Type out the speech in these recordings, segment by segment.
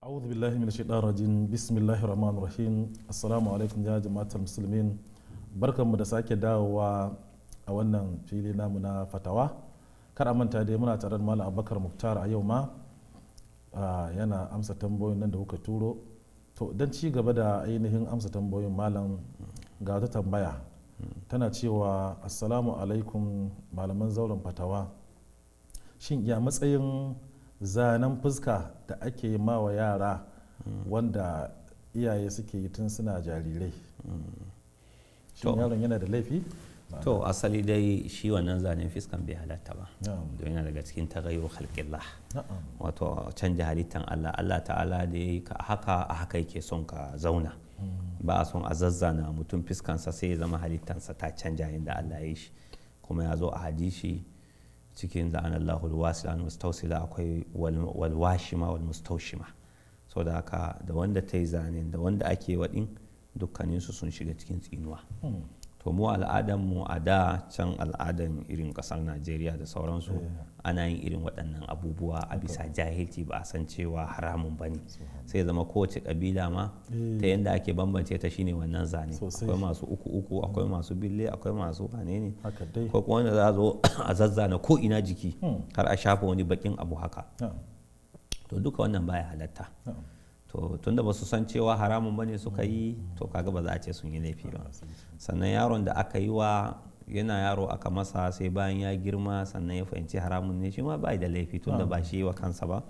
أعوذ بالله من الشيطان الرجيم بسم الله الرحمن الرحيم السلام barkan mu da sake dawowa a wannan fili namu na fatawa kar a manta dai muna tare da malam abubakar muktar a yau ma yana amsa tambayoyin nan da kuka turo to don ci gaba da ainihin amsa tambayoyin malam ga tambaya tana cewa assalamu alaikum malaman zauren fatawa shin ya matsayin zanen fuska da ake ma wa yara wanda iyaye suke yi tun suna jarirai shin yaron yana da laifi to asali dai shi wannan zanen fiskan bai halatta ba don yana daga cikin tagayo halƙillah wato canja halittan allah allah ta'ala da ya yi haka a haka yake son ka zauna hmm. ba a son a zazzana mutum fiskansa sai ya zama halittansa ta canja yadda allah ya yi shi kuma ya zo a hadishi cikin la'anallahu alwasila mustausila akwai walwashima walmustaushima saboda haka da wanda ta yi zanen da wanda ake waɗin dukkaninsu sun shiga cikin tsinuwa hmm. to mu al'adan mu a da can al'adan irin kasar najeriya da sauransu eh. ana yin irin waɗannan abubuwa a bisa jahilci ba a san cewa haramun ba ne sai zama kowace ƙabila ma eh. ta yadda ake bambance ta shine wannan zane akwai masu uku uku akwai hmm. masu bille akwai masu wane ne ko kuma wanda za zo a zazzana ko ina jiki hmm. har a shafa wani bakin abu haka to duka wannan baya halatta to tunda ba su san cewa haramun bane suka yi to kaga ba za a ce sun yi laifi ba sannan yaron da aka yi wa yana yaro aka masa sai bayan ya girma sannan ya fahimci haramun ne shi ma ba da laifi tunda ba shi wa kansa ba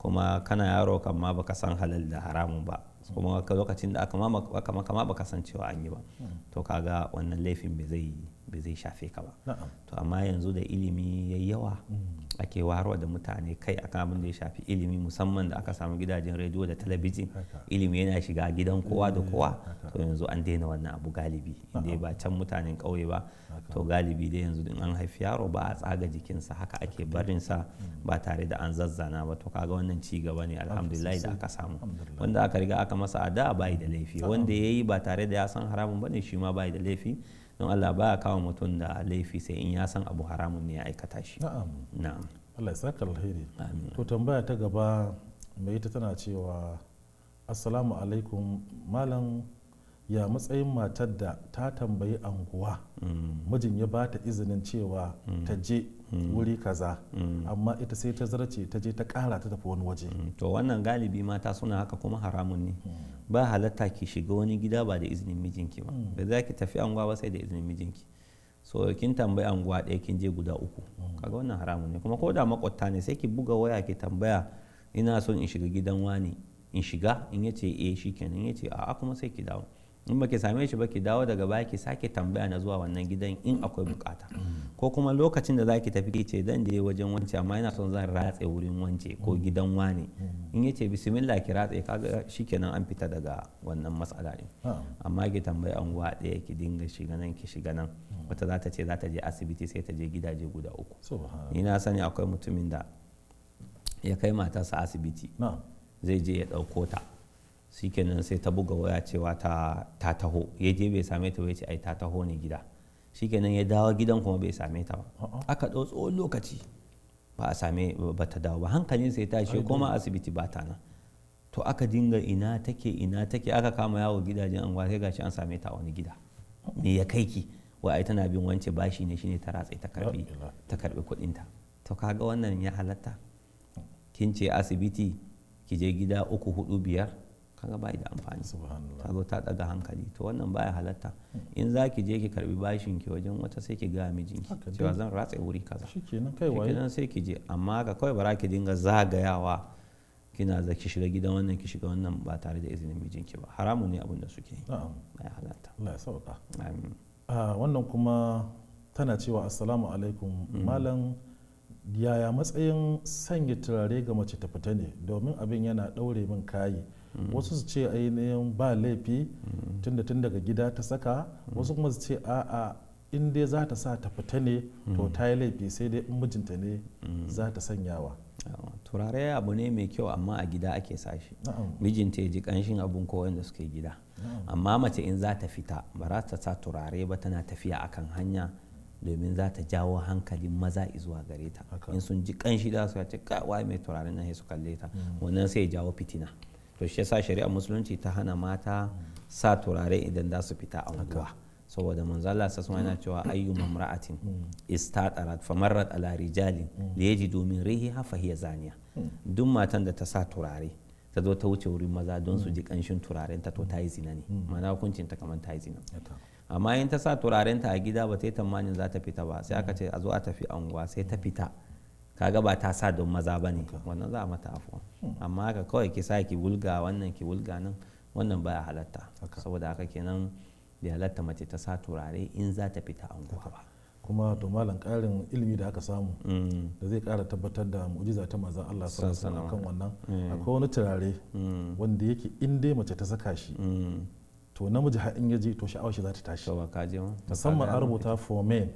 kuma kana yaro kan ma baka san halal da haramun ba kuma lokacin da aka ma baka san cewa an yi ba to kaga wannan laifin bai zai yi Bazai zai shafe ka ba to amma yanzu da ilimi ya yawa mm. ake warwa da mutane kai akan abin da ya shafi ilimi musamman da aka samu gidajen rediyo da talabijin ilimi yana shiga gidan kowa da mm, kowa to yanzu an daina wannan abu galibi inda ba can mutanen kauye ba to galibi dai yanzu in an haifi yaro ba a tsaga jikinsa haka ake barinsa mm. ba tare da an zazzana ba to kaga wannan ci gaba ne alhamdulillah da aka samu wanda aka riga aka masa a da bai da laifi wanda yayi ba tare da ya san haramun bane shi ma bai da laifi don Allah ba kawo mutum da laifi sai in ya san abu haramun ne ya aikata shi na'am na'am Allah ya saka alheri amin to tambaya ta gaba mai ita tana cewa assalamu alaikum malam ya matsayin matar da ta tambayi anguwa mm. mijin ya ba ta izinin cewa ta mm. je wuri mm. kaza mm. amma ita sai ta zarce ta je ta kara ta tafi wani waje mm. to wannan galibi mata suna haka kuma haramun ne ba halatta ki shiga wani gida ba da izinin mijinki ba da za ki tafi anguwa ba sai da izinin mijinki so kin tambayi anguwa ɗaya kin je guda uku kaga wannan haramun ne kuma ko da makwabta ne sai ki buga waya ki tambaya ina son in shiga gidan wani in shiga in yace eh shikenan in yace a'a kuma sai ki dawo in ki same shi ba ki dawo daga baya ki sake tambaya na zuwa wannan gidan in akwai bukata ko kuma lokacin da zaki tafi ki ce dan je wajen wance amma yana son zan ratse wurin wance ko gidan wane in yace bismillah ki ratse kaga shikenan an fita daga wannan matsala din amma ki tambayi anguwa ɗaya ki dinga shiga nan ki shiga nan wata za ta ce za ta je asibiti sai ta je gidaje guda uku ni na sani akwai mutumin da ya kai matarsa asibiti zai je ya ɗauko ta kenan sai ta buga waya cewa ta taho ya je bai same ta bai ce ai ta taho ne gida shi kenan ya dawo gidan kuma bai same ta ba aka ɗau tsawon lokaci ba a same ba ta dawo ba hankalin sai ta shi koma asibiti ba ta nan to aka dinga ina take ina take aka kama yawo gidajen anguwa sai gashi an same ta wani gida me ya kai ki wa ai tana bin wance bashi ne shine ta ratsa ta karbi ta karbi kuɗin ta to kaga wannan ya halatta kin ce asibiti ki je gida uku hudu biyar kaga bai da amfani ta zo ta daga hankali to wannan baya halatta in zaki je ki karbi bashin ki wajen wata sai ki ga mijinki cewa zan ratse wuri kaza shikenan kai waye sai ki je amma ka kawai bara ki dinga zagayawa kina za ki shiga gidan wannan ki shiga wannan ba tare da izinin mijinki ba haramu ne abin da suke yi baya halatta Allah ya sauka amin ah, wannan kuma tana cewa assalamu alaikum mm. malam yaya matsayin sanya turare ga mace ta fita ne domin abin yana daure min kayi wasu su ce ainihin ba laifi tunda tun daga gida ta saka wasu kuma su ce a'a in dai za ta sa ta fita ne to ta yi laifi sai dai in mijinta ne za ta sanyawa turare abu ne mai kyau amma a gida ake sashi mijinta ya ji kanshin abun koyon da suke gida amma mace in za ta fita ba za ta sa turare ba tana tafiya akan hanya domin za ta jawo hankalin maza zuwa gare ta in sun ji kanshi da su ce kawai mai turare nan sai su kalle ta mm. wannan sai ya jawo fitina to shi yasa shari'ar musulunci ta hana mata sa turare idan za su fita a unguwa saboda manzo Allah sasa yana cewa ayyu mamra'atin mm. mm. istatarat famarrat ala da mm. yaji domin rihiha fa hiya zaniya duk matan da ta sa turare ta zo ta wuce wurin maza don su ji kanshin turaren ta to ta yi zina ne ma'ana hukuncin ta kamar ta yi zina amma in ta sa turaren ta a gida ba ta yi tamanin za ta fita ba sai aka ce a zo a tafi unguwa sai ta fita kaga ba ta sa don maza ba ne wannan za a mata afuwa hmm. amma haka kawai ki sa ki wulga wannan ki wulga nan wannan baya halatta saboda haka kenan bai halatta mace ta sa turare in za ta fita anguwa ba kuma to malam karin ilimi da aka samu hmm. da zai kara tabbatar da mu'jiza ta maza Allah sallallahu alaihi kan wannan hmm. akwai wani turare wanda yake in dai mace ta saka shi to namiji har in ya je to sha'awar shi za ta tashi musamman an rubuta for men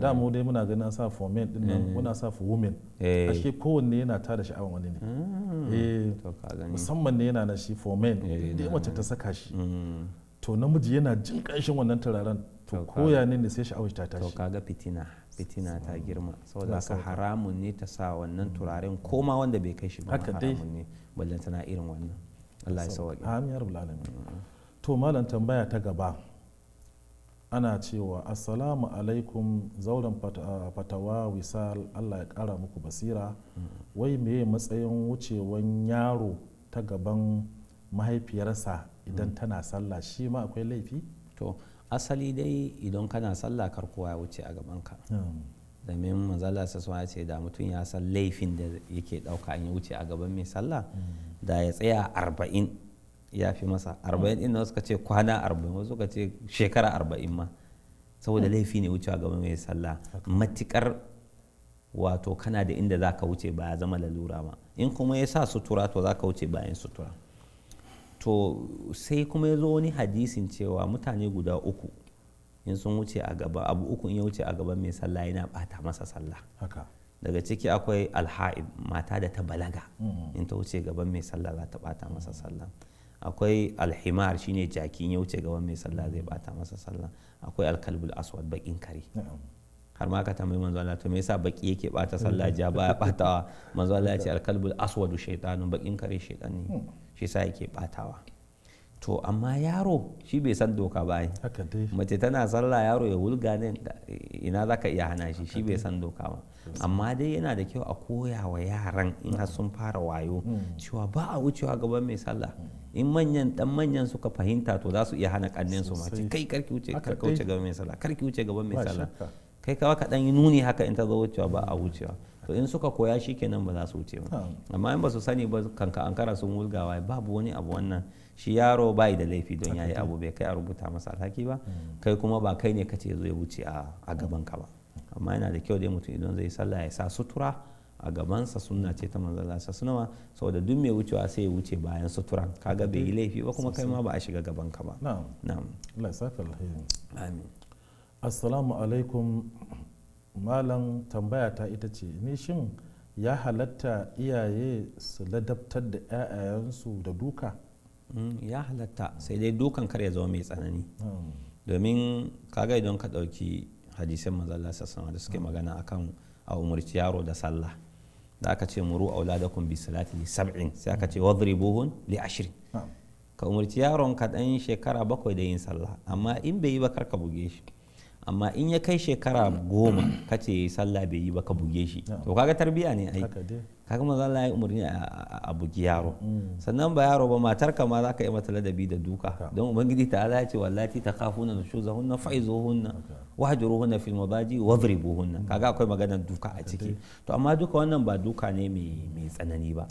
da mu dai muna ganin sa for men din nan eh. muna sa for women eh. a shi kowanne yana ta da sha'awan wani ne mm. eh. musamman ne yana na shi for men dai mace ta saka shi mm. to namiji yana jin kanshin wannan turaren to koya ne sai sha'awar ta tashi to kaga fitina fitina ta girma saboda haka haramun ne ta sa wannan mm. turaren ko ma wanda bai kai shi ba haramun ne ballan tana irin wannan Allah ya sauke amin ya rabu alamin to malam tambaya ta gaba ana cewa assalamu alaikum zauren fatawa wisal allah ya kara muku basira wai meye matsayin wucewan yaro ta gaban mahaifiyarsa idan tana sallah shi ma akwai laifi to asali dai idan kana sallah kar kowa ya wuce a gabanka hmm. domin manzala sassuwa ya ce da mutum ya san laifin da yake dauka an ya wuce a gaban mai sallah hmm. da ya tsaya arba'in ya fi masa mm. arba'in inda wasu ka ce kwana arba'in wasu ka ce shekara arba'in ma saboda mm. laifi ne wucewa gaba mai sallah matikar wato kana da inda za ka wuce ba ya zama lalura ba in kuma ya sa sutura to za ka wuce bayan sutura to sai kuma ya zo wani hadisin cewa mutane guda uku in sun wuce a gaba abu uku in ya wuce a gaban mai sallah yana bata masa sallah daga ciki akwai alha'ib mata da ta balaga mm. in ta wuce gaban mai sallah za ta bata masa sallah akwai alhimar shine jakin ya wuce gaban mai sallah zai bata masa sallah akwai alkalbul aswad bakin kare har ma ka tambayi manzo Allah to me yasa baki yake bata sallah ja baya batawa manzo Allah ya ce alkalbul aswadu shaytanun bakin kare shaytan ne hmm. shi yasa yake batawa to amma yaro shi bai san doka ba mace tana sallah yaro ya wulga ne ina zaka iya hana shi shi bai san doka ba amma dai yana da kyau a koya wa yaran in har sun fara wayo mm. cewa ba a wucewa gaban mai sallah mm. in manyan dan manyan suka fahimta to za su iya hana kannen su mace kai karki wuce karka wuce gaban mai sallah karki wuce gaban mai sallah kai kawa ka dan yi nuni haka in ta zo wucewa ba a wucewa to in suka koya shi kenan ba za su wuce ba amma in ba su sani ba kanka ankara sun wulgawa babu wani abu wannan shi yaro bai da laifi don yayi abu bai kai a rubuta masa alhaki ba mm. kai kuma ba kai ne kace zo ya wuce a gaban ka ba amma yana da kyau dai mutum idan zai sallah ya sa sutura a gabansa sunna ce ta manzon Allah sallallahu alaihi saboda duk mai wucewa sai ya wuce bayan sutura kaga bai yi laifi ba kuma kai ma ba a shiga gaban ka ba na'am na'am Allah saka alheri amin assalamu alaikum malam tambaya ta ita ce ni shin ya halatta iyaye su ladabtar da 'ya'yayensu da duka mm, ya halatta sai dai dukan kar ya zama mai tsanani domin kaga idan ka ɗauki hadisan manzo sassan da suke mm. magana akan a umarci yaro da sallah da aka ce muru auladakum bi salati sab'in sai aka ce mm. buhun li ashirin ka umarci yaron ka dan shekara bakwai da yin sallah amma in bai yi ba kar ka buge shi amma in ya kai shekara goma mm. ka ce sallah bai yi ba ka buge shi to kaga tarbiya ne ai kaga maza Allah ya umarni a bugi yaro sannan ba yaro ba matar ka ma za ka yi mata ladabi da duka don ubangiji ta ya ce wallati ta kafuna nushuzahunna fa'izuhunna wahjuruhunna fil mabadi wadribuhunna kaga akwai magana duka a ciki to amma duka wannan ba duka ne mai tsanani ba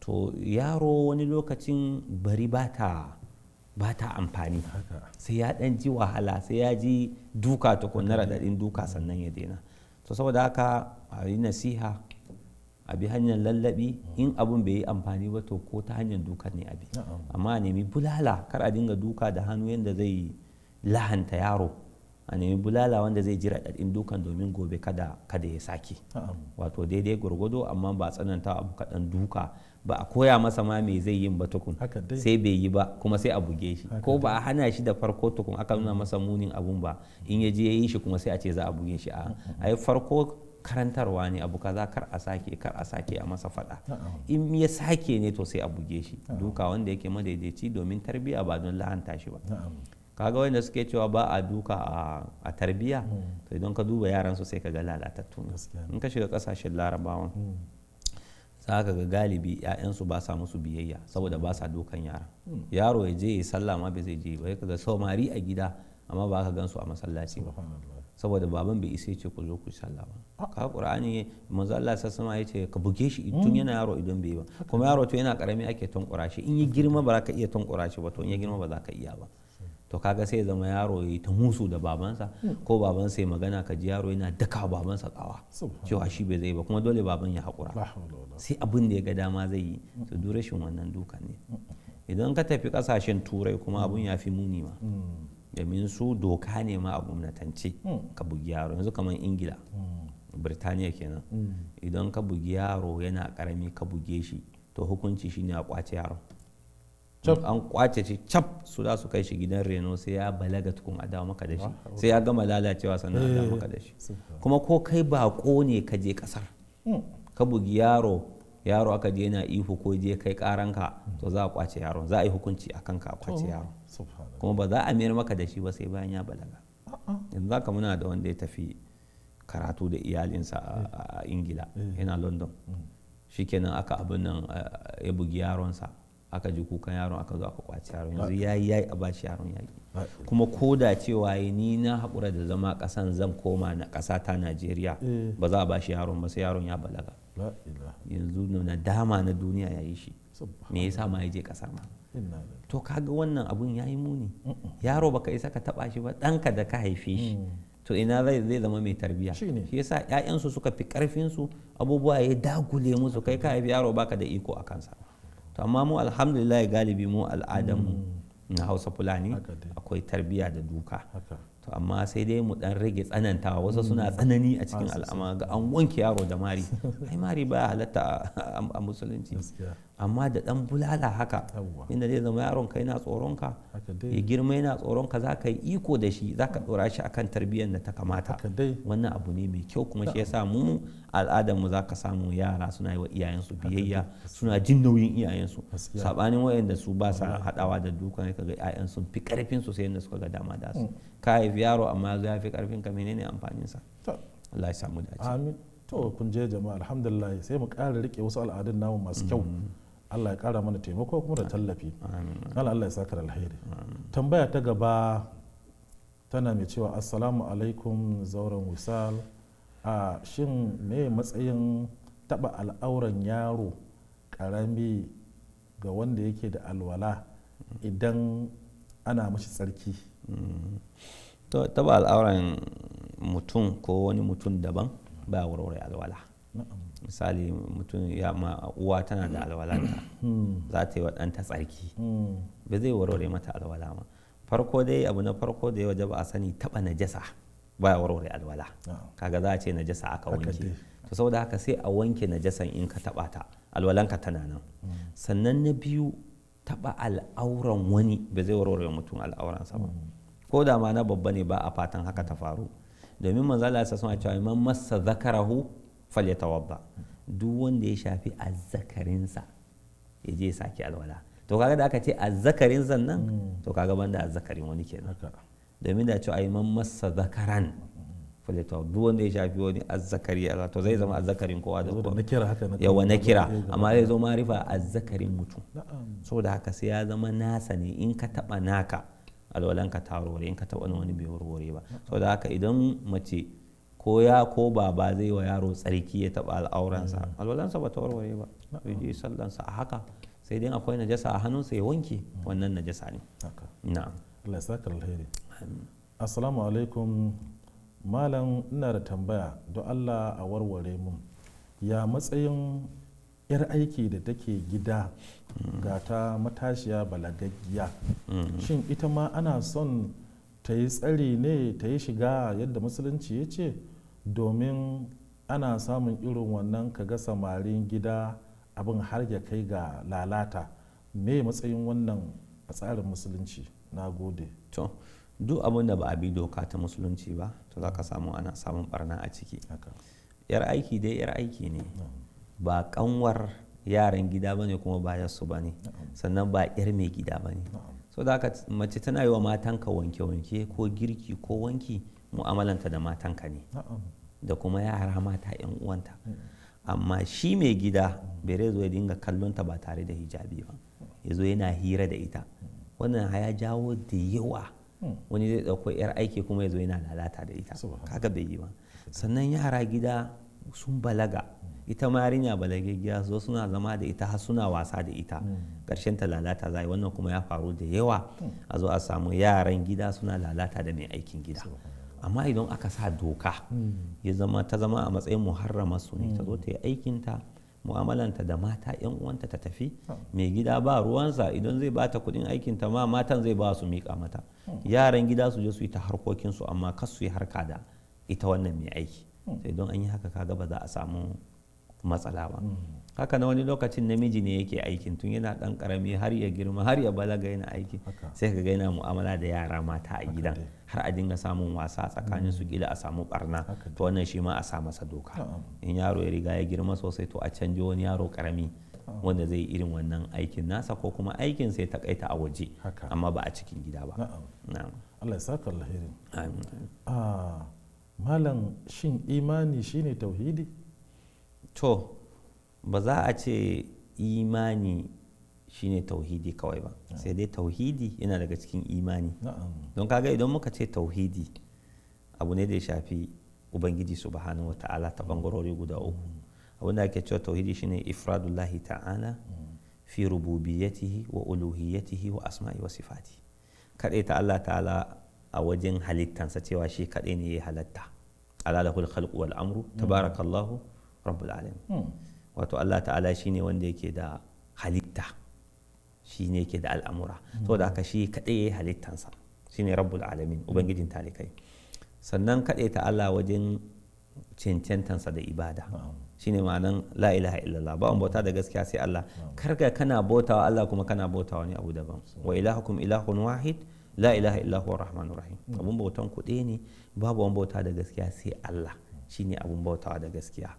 to yaro wani lokacin bari ba ta amfani sai ya dan ji wahala sai ya ji duka tukunna raɗaɗin duka sannan ya daina to saboda haka a yi nasiha a bi hanyar lallabi in abun bai yi amfani ba to ko ta hanyar duka ne abi amma a nemi bulala kar a dinga duka da hannu yadda zai lahanta yaro a nemi bulala wanda zai jira raɗaɗin dukan domin gobe kada kada ya sake wato daidai gwargwado amma ba tsananta abu kaɗan duka ba a koya masa ma me zai yin ba tukun sai bai yi ba kuma sai a buge shi ko ba a hana shi da farko tukun aka nuna masa munin abun ba in ya je ya yi shi kuma sai a ce za a buge shi a yi farko karantarwa ne abu kaza kar a sake kar a sake a masa faɗa. in ya sake ne to sai a buge shi duka wanda yake madaidaici domin tarbiya ba don lahanta shi ba kaga wanda suke cewa ba a duka a tarbiya hmm. to idan ka duba yaran su sai ka ga lalatattu in ka shiga kasashen larabawan hmm. za ka ga galibi 'ya'yansu ba sa musu biyayya saboda ba sa dukan yaran hmm. yaro ya je ya sallama ma zai je ba ka ga samari a gida amma ba ka gansu a masallaci ba saboda baban bai isa ce ku zo ku sallah ba ah. ka qur'ani manzo Allah sassama ya ce ka buge shi tun yana yaro idan bai ba kuma yaro to yana karami ake tunkura shi in ya girma ba za ka iya tunkura shi ba to in ya girma ba za ka iya ba to kaga sai zama yaro ya ta musu da babansa ko babansa ya magana ka ji yaro yana daka babansa tsawa cewa shi bai zai ba kuma dole baban ya haƙura sai abin da ya ga dama zai yi to dure rashin wannan dukan ne idan ka tafi ƙasashen turai kuma abun ya fi muni ma hmm. domin su doka ne ma a gwamnatance hmm. ka bugi yaro yanzu kamar ingila hmm. birtaniya kenan idan ka bugi yaro yana karami ka buge shi to hukunci shine a kwace yaro. an kwace shi cap su za su kai shi gidan reno sai ya balaga tukun a maka da shi sai ya gama lalacewa sannan a eh, maka da shi kuma ko kai ba ne ka je kasar hmm. ka bugi yaro yaro aka je yana ihu ko je kai karanka to za a kwace yaro za a yi hukunci a kanka a kwace oh, yaro kuma ba za a mayar maka da shi ba sai bayan ya balaga yanzu ka muna da wanda ya tafi karatu da iyalinsa a ingila eh. yana london hmm. shikenan aka abin nan eh, ya bugi yaronsa aka ji kukan yaron aka zo aka kwaci yaron yanzu yayi yayi a ba shi yaron yaki kuma ko da cewa ni na haƙura da zama ƙasan zan koma na ƙasa ta Najeriya eh. ba za a bashi yaron ba sai yaron ya balaga yanzu na dama na duniya ya yi shi me yasa ma ya je ƙasar ma to kaga wannan abun ya yi muni yaro baka isa ka taɓa shi ba ɗanka da ka haife shi mm. to ina zai zai zama mai tarbiya shi yasa ƴaƴansu suka fi karfin su abubuwa ya dagule musu kai ka haifi yaro baka da iko a kansa to amma mu alhamdulillah galibi mu al'adamu hmm. na hausa fulani akwai tarbiya da duka to amma sai dai mu dan rage tsanantawa wasu suna hmm. tsanani a cikin al'ama ga an wanke yaro da mari ai mari ba halatta a musulunci amma da dan bulala haka inda zai zama yaron kai na tsoronka ya girma yana tsoronka za ka yi iko da shi za ka ɗora shi akan tarbiyyar da ta kamata wannan abu ne mai kyau kuma shi yasa mu al'adar mu za ka samu yara suna yi wa iyayensu biyayya suna jin nauyin iyayensu sabanin wayanda su ba sa hadawa da dukan ka ga iyayen sun fi karfin su sai yanda suka ga dama da su mm. ka haifi yaro amma ya fi karfin ka menene amfanin sa Allah ya samu dace amin to kun je jama'a alhamdulillah sai mu ƙara rike wasu al'adun namu masu kyau mm. Allah ya kara mana taimako kuma da tallafi Allah Allah ya saka da alheri tambaya ta gaba tana mai cewa assalamu alaikum zauren wisal a shin me matsayin taba al'auran yaro karami ga wanda yake da alwala idan ana mashi tsarki mm. taba al'auran mutum ko wani mutum daban ba warware alwala misali mutum ya ma uwa tana da alwalanta hmm. za ta yi wa ɗanta tsarki hmm. ba zai warware mata alwala ma farko dai abu na farko da ya waje ba a sani taɓa najasa ba ya warware alwala ah. kaga za a ce najasa aka wanke to saboda haka sai a wanke najasan in ka taɓa ta alwalanka tana nan hmm. sannan na biyu taɓa al'auran wani ba zai warware mutum al'auransa ba ko da ma na babba ne ba a fatan haka ta faru domin manzala sa suna cewa man massa zakarahu wabba. duk wanda ya shafi azzakarinsa ya je sake alwala to kaga da aka ce azzakarin zannan mm. to kaga banda azzakarin wani kenan domin da ce ai man masa zakaran falyatawa duk wanda ya shafi wani azzakari Allah to zai zama azzakarin kowa da kowa nakira haka na yawa nakira amma zai zo marifa azzakarin mutum saboda haka sai ya zama nasa ne in ka taba naka alwalan ka ta warware in ka taba wani bai warware ba saboda haka idan mace ko ya ko baba zai wa yaro tsarki ya taɓa al'auransa mm. alwalansa ba ta warware ba bai je sallansa a haka sai dai akwai najasa a hannunsa ya wanke mm. wannan najasa ne na'am assalamu alaikum malam ina da tambaya don Allah a warware mun ya matsayin yar aiki da take gida mm. ga ta matashiya balagaggiya shin ita ma ana son ta yi tsari ne ta yi shiga yadda musulunci ya ce domin ana samun irin wannan ka ga samarin gida abin har ya kai ga lalata me matsayin wannan a tsarin musulunci na gode to duk abin da ba a bi doka ta musulunci ba to za ka samu ana samun barna a ciki yar aiki dai yar aiki ne ba kanwar yaran gida ba ne kuma bayan su ba ne sannan ba yar mai gida ba ne so da mace tana yi wa matan ka wanke-wanke ko girki ko wanki mu'amalanta da matanka ne da kuma yara mata 'yan uwanta mm. amma shi mai gida bere zo ya dinga kallonta ba tare da hijabi ba ya zo yana hira da ita wannan ya jawo da yawa mm. wani zai ɗauko 'yar aiki kuma ya zo yana lalata da ita kaga bai yi ba sannan yara gida sun balaga mm. ita ma yarinya gida zo suna zama da ita har suna wasa da ita Karshen ta lalata zai wannan kuma ya faru da yawa a zo a samu yaran gida suna lalata da mai aikin gida amma idan aka sa doka ya zama ta zama a matsayin muharrama su ne ta zo ta yi aikinta mu'amalanta da mata yan uwanta ta tafi mai gida ba ruwansa idan zai bata kudin aikinta ma matan zai ba su miƙa mata yaran gida su je su yi ta harkokinsu amma kas su yi harka da ita wannan mai aiki sai don an yi haka kaga ba za a samu matsala ba mm. haka na wani lokacin namiji ne yake aikin tun yana ɗan karami har ya girma har ya balaga yana aiki sai ka ga yana mu'amala da yara mata a gidan har a dinga samun wasa tsakanin su mm. gida a samu barna to wannan shi ma a sa masa doka in yaro ya riga ya girma sosai to a canjo wani yaro karami wanda zai irin wannan aikin nasa ko kuma aikin sai ta kaita a waje amma ba a cikin gida ba Allah ya saka alheri ah, malam shin imani shine tauhidi to ba za a ce imani shine tauhidi kawai ba sai dai tauhidi yana daga cikin imani don kaga idan muka ce tauhidi abu ne da ya shafi ubangiji subhanahu wata'ala ta bangarori guda uku mm. abinda ake cewa tauhidi shine ifradullahi ta'ala mm. fi rububiyatihi wa uluhiyatihi wa asma'i wa sifati kaɗai ta Allah ta'ala a wajen halittansa cewa shi kaɗai ne ya halatta ala alalahul khalqu wal amru mm. tabarakallahu rabbul alamin hmm. wato Allah ta'ala ne wanda yake da halitta ne yake da al'amura hmm. saboda haka shi kadai yayi halittansa shine rabbul alamin ubangijin talikai sannan kadai ta Allah wajen cancantansa da ibada ne ma'anan la ilaha illallah ba bauta da gaskiya sai Allah karga kana bautawa Allah kuma kana bautawa wani abu daban wa ilahukum ilahun wahid la ilaha illahu rahmanur rahim hmm. abun bautan kuɗi ne babu bauta da gaskiya sai Allah shine abun bautawa da gaskiya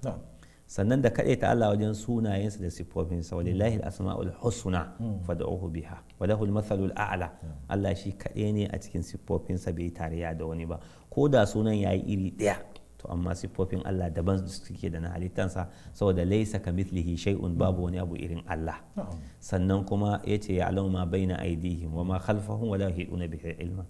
sannan da kaɗaita Allah wajen sunayensa da siffofinsa wa lillahi al-asma'ul husna fad'uhu biha wa lahu al-mathalul a'la Allah shi kaɗai ne a cikin siffofinsa bai ya da wani ba ko da sunan yayi iri ɗaya to amma siffofin Allah daban suke da na halittansa saboda laisa ka mithlihi shay'un babu wani abu irin Allah sannan kuma yace ya alama ma baina aidihim wa ma khalfahum wa la yuhiduna bihi ilma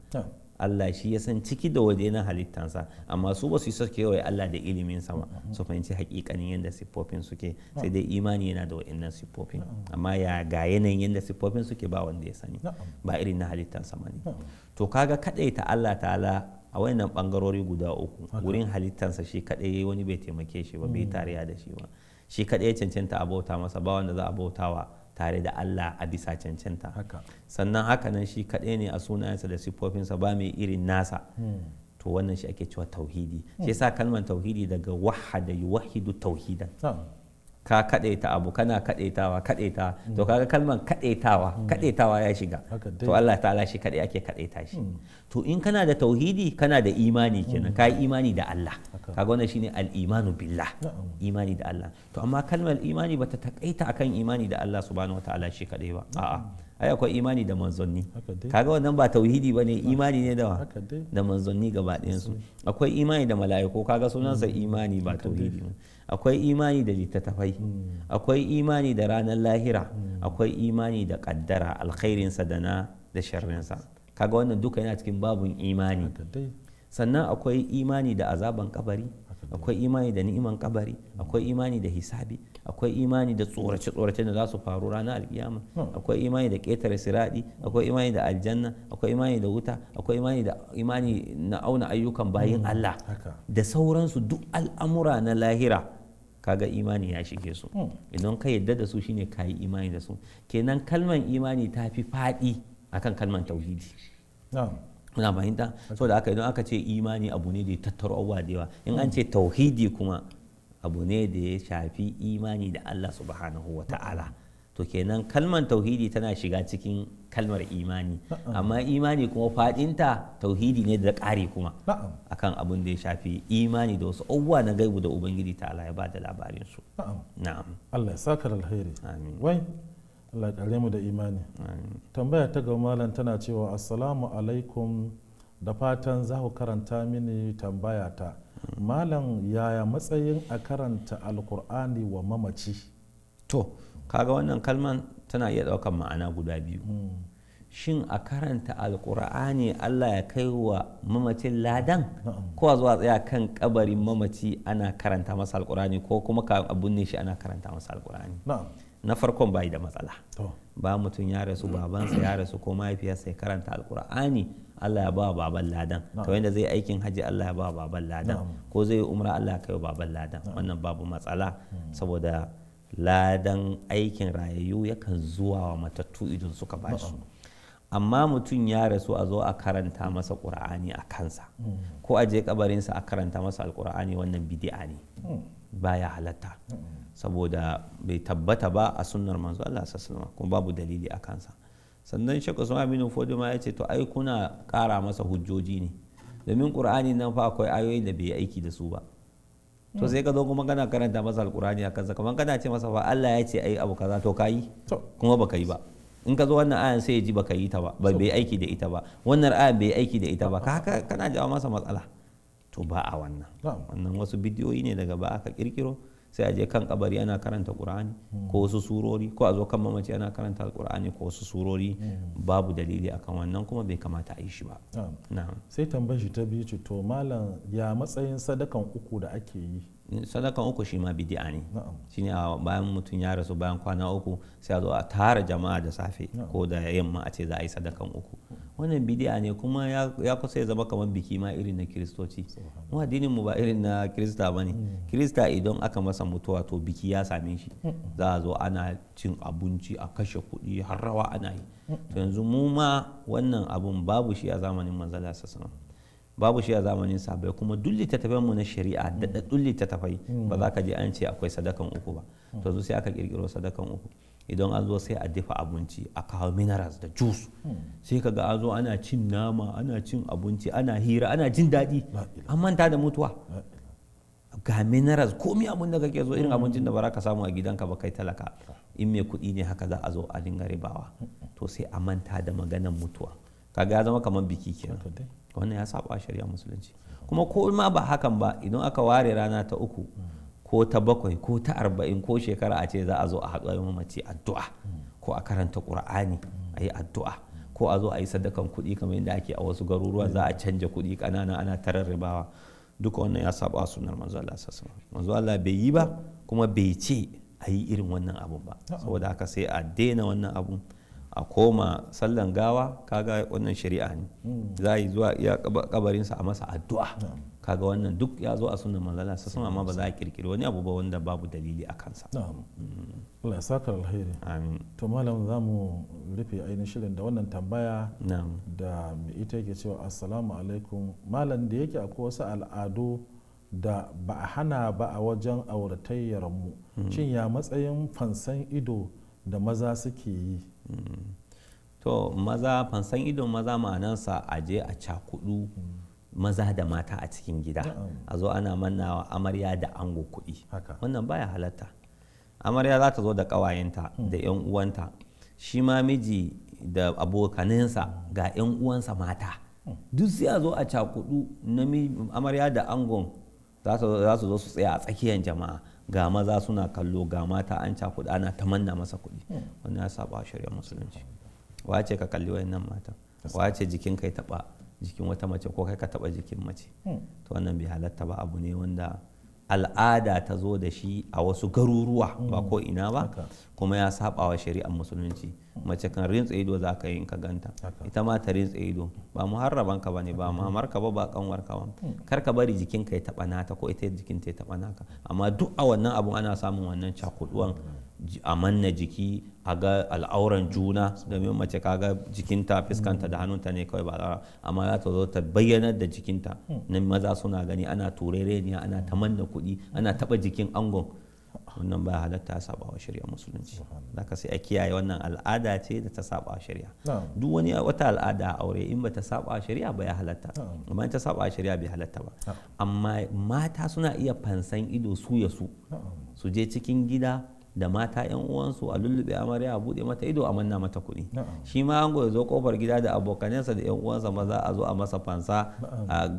Allah shi ya san ciki da waje na halittansa amma su ba su isa kewaye Allah da ilimin sama su fahimci hakikanin yadda siffofin suke sai dai imani yana da wa'annan siffofin amma ya ga yanayin yadda siffofin suke ba wanda ya sani ba irin na halittan sama ne to kaga ta Allah ta'ala a wannan bangarori guda uku wurin halittansa shi kadai wani bai taimake shi ba bai tariya da shi ba shi kadai ya cancanta a bauta masa ba wanda za a bautawa tare da Allah a bisa cancanta sannan hakanan shi kaɗai ne a sunayensa da siffofinsa ba mai irin nasa hmm. to wannan shi ake cewa tauhidi shi hmm. yasa kalmar tauhidi daga wahada wahidu tauhidan ka kadaita abu kana kadaitawa kadaitawa to kaga kalman kadaitawa hmm. kadaitawa ya shiga to Allah ta'ala shi kadai ake kadaita shi hmm. to in kana da tauhidi kana da imani kenan kai hmm. imani da Allah kaga wannan shine al-imanu billah imani da Allah to amma kalmar imani bata takaita akan imani da Allah subhanahu ta'ala shi kadai ba a'a ai akwai imani da manzanni kaga wannan ba tauhidi bane imani ne da da manzanni gaba su akwai imani da mala'iku kaga sunansa mm. imani ba tauhidi akwai imani da littattafai mm. akwai imani da ranar lahira mm. akwai imani da kaddara alkhairinsa da na da sharrinsa kaga wannan duka yana cikin babun imani sannan akwai imani da azaban kabari akwai imani da ni'iman kabari akwai imani da hisabi akwai imani da tsorace-tsorace da za su faru ranar alkiyama akwai imani da ƙetare siradi akwai imani da aljanna akwai imani da wuta akwai imani da imani na auna ayyukan bayin hmm, Allah da sauransu duk al'amura na lahira kaga imani ya shige su hmm. idan ka yadda da su shine ka yi imani da su kenan kalman imani ta fi faɗi akan kalman tauhidi muna fahimta saboda da aka idan aka ce imani abu ne da ya tattaro abubuwa da yawa in an ce tauhidi kuma abu ne da ya shafi imani da Allah subhanahu wa ta'ala to kenan kalmar tauhidi tana shiga cikin kalmar imani amma imani kuma fadinta tauhidi ne da ƙari kuma akan abun da ya shafi imani da wasu abubuwa na gaibu da ubangiji ta'ala ya ba da labarinsu na'am Allah ya saka alheri amin wai Allah ya mu da imani tambaya ta ga malam tana cewa assalamu alaikum da fatan za ku karanta mini tambaya ta malam yaya matsayin a karanta alkur'ani wa mamaci to kaga wannan kalman tana iya ɗaukar ma'ana guda biyu hmm. shin a karanta alkur'ani allah ya kai wa mamacin ladan a zuwa tsaya kan kabarin mamaci ana karanta masa alkur'ani ko kuma ka abun shi ana karanta masa alkur'ani na farkon bai da matsala ba mutum ya rasu babansa ya rasu ko mahaifiyarsa ya karanta alkur'ani Allah ya ba baban ladan kamar yadda zai aikin haji Allah ya ba baban ladan ko zai umra Allah ya kai baban ladan wannan babu matsala hmm. saboda ladan aikin rayayyu yakan zuwa wa matattu idan suka ba shi amma mutum ya rasu a zo a karanta masa ƙur'ani a kansa hmm. ko a je kabarinsa a karanta masa alkur'ani wannan bidi'a ne hmm. baya halatta saboda bai tabbata ba a sunnar manzo Allah sallallahu kuma babu dalili a kansa sannan shekku sun aminu fodo ma ya ce to ai kuna kara masa hujjoji ne domin qur'ani nan fa akwai ayoyi da bai aiki da su ba to sai ka zo kuma kana karanta masa alqur'ani a kansa kamar kana ce masa fa Allah ya ce ai abu kaza to yi kuma baka yi ba in ka zo wannan ayan sai ya ji baka yi ta ba bai aiki da ita ba wannan ayan bai aiki da ita ba ka haka kana jawo masa matsala to ba a wannan wannan wasu bidiyoyi ne daga ba aka kirkiro sai a je kan kabari ana karanta qur'ani ko hmm. wasu surori ko a zo kan mamaci ana karanta qur'ani ko wasu surori hmm. babu dalili akan wannan kuma bai kamata a yi shi ba sai tambayar shi ta biyu to malam ya matsayin sadakan uku da ake yi sadakan uku shi ma bidi'a ne shine a bayan mutum ya rasu bayan kwana uku sai a zo a tara jama'a da safe ko da yamma a ce za a yi sadakan uku wannan bidi'a ne kuma ya kusa ya zama kamar biki ma irin na kiristoci mu addinin mu ba irin na kirista ba ne. Mm. kirista idan aka masa mutuwa to biki ya same shi mm. za a zo ana cin abinci a kashe kuɗi har rawa ana yi mm. to yanzu mu ma wannan abun babu shi a zamanin manzala sassan. babu shi a zamanin sabai kuma ta littattafan mu na shari'a da ta tafai ba za ka je an ce akwai sadakan uku ba to zo sai aka kirkiro sadakan uku idan an zo sai a dafa abinci a kawo minerals da juice sai ka ga an zo ana cin nama ana cin abinci ana hira ana jin daɗi an manta da mutuwa ga minerals komi abin da kake zo irin mm. abincin da ba za ka samu a gidanka ba kai talaka in mai kuɗi ne haka za a zo a dinga ribawa to sai a manta da maganan mutuwa kaga ya zama kamar biki kenan wannan ya saba shari'a musulunci kuma ko ma ba hakan ba idan aka ware rana ta uku ko ta bakwai ko ta arba'in ko shekara a ce za a zo a haɗu a mamaci addu'a ko a karanta ƙur'ani a yi addu'a ko a zo a yi sadakan kuɗi kamar yadda ake a wasu garuruwa za a canja kuɗi ƙanana ana tararrabawa duka wannan ya saba sunar manzo Allah sassa manzo Allah bai yi ba kuma bai ce a yi irin wannan abun ba saboda haka sai a daina wannan abun a koma sallan gawa kaga wannan shari'a ne hmm. za a yi zuwa iya kabarinsa a masa addu'a hmm. kaga wannan duk ya zo a sunan manzala sassan amma ba za a kirkiri wani abu ba wanda babu dalili a kansa hmm. Allah saka alheri amin to malam za mu rufe ainihin shirin da wannan tambaya da mai ita yake cewa assalamu alaikum malam da yake akwai wasu al'adu da ba a hana ba a wajen auratayyar mu shin ya matsayin fansan ido da maza suke yi Mm. to maza fansan idon maza ma'anansa a je a cakudu maza da mata a cikin gida a zo ana mannawa amarya da ango kuɗi wannan baya halatta amarya za ta zo da ƙawayenta hmm. da 'yan uwanta shi ma miji da abokaninsa ga 'yan uwansa mata hmm. duk sai a zo a cakudu na amarya da angon za su zo su tsaya a tsakiyar jama'a ga maza suna kallo ga mata an kuɗa ana ta manna masa kuɗi wannan ya saba shari'ar musulunci wace ka kalli wayannan mata wace jikin kai taɓa jikin wata mace ko kai ka taɓa jikin mace to wannan bai halatta ba abu ne wanda al'ada ta zo da shi a wasu garuruwa ba ko ina ba kuma ya saba wa shari'ar musulunci mace kan rintsa ido za ka yi in ka ganta ita ma ta rintsa ido ba muharraban ka bane ba mamar ka ba ba kanwar ka ba kar ka bari jikin ka ya taba nata ko ita jikin ta ya taba naka amma duk a wannan abun ana samun wannan cakuduwan a manna jiki a ga al'auran juna domin mace kaga jikinta fiskanta da hannunta ne kawai ba amma za ta zo ta bayyanar da jikinta hmm. na maza suna gani ana turereniya ana ta manna kuɗi ana taɓa jikin angon wannan ba halatta ya saba wa shari'a musulunci zaka sai a kiyaye wannan al'ada ce da ta saba wa shari'a duk wani wata al'ada a aure in ba ta saba wa shari'a ba ya halatta amma ta saba wa shari'a bai halatta ba amma mata suna iya fansan ido su ya su su je cikin gida da mata yan uwansu a lullube amarya a bude mata ido a manna mata kuɗi shi ma an ya zo kofar gida da abokanansa da yan uwansa maza a zo a masa fansa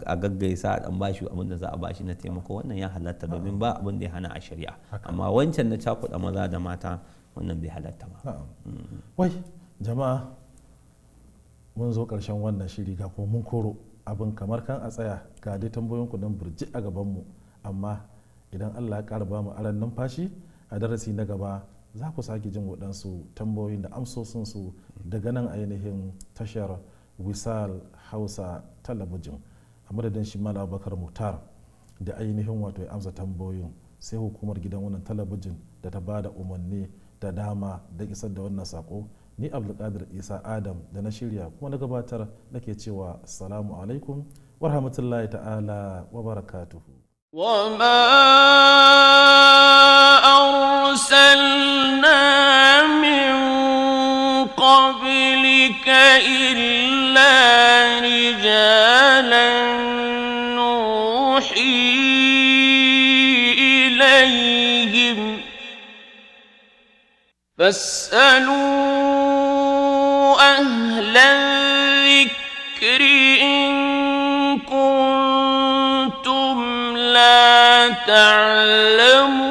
a gaggaisa a dan bashi abin da za a bashi na taimako wannan ya halatta domin ba abin da ya hana a shari'a amma wancan na cakuɗa maza da mata wannan bai halatta ba mm. wai jama'a mun zo ƙarshen wannan shiri ga ko mun koro abin kamar kan a tsaya ga dai ku nan burji a gaban mu. amma idan allah ya ƙara ba mu aran numfashi a darasi na gaba za ku sake jin waɗansu tambayoyin da amsosinsu daga nan ainihin tashar wisal hausa talabijin a madadin shi mala bakar muktar da ainihin wato ya amsa tambayoyin sai hukumar gidan wannan talabijin da ta bada umarni da dama da isar da wannan sako ni abdulkadir isa adam da na shirya kuma na gabatar nake cewa salamu alaikum warhamatullahi ta'ala wa barakatuhu أرسلنا من قبلك إلا رجالا نوحي إليهم فاسألوا أهل الذكر إن كنتم لا تعلمون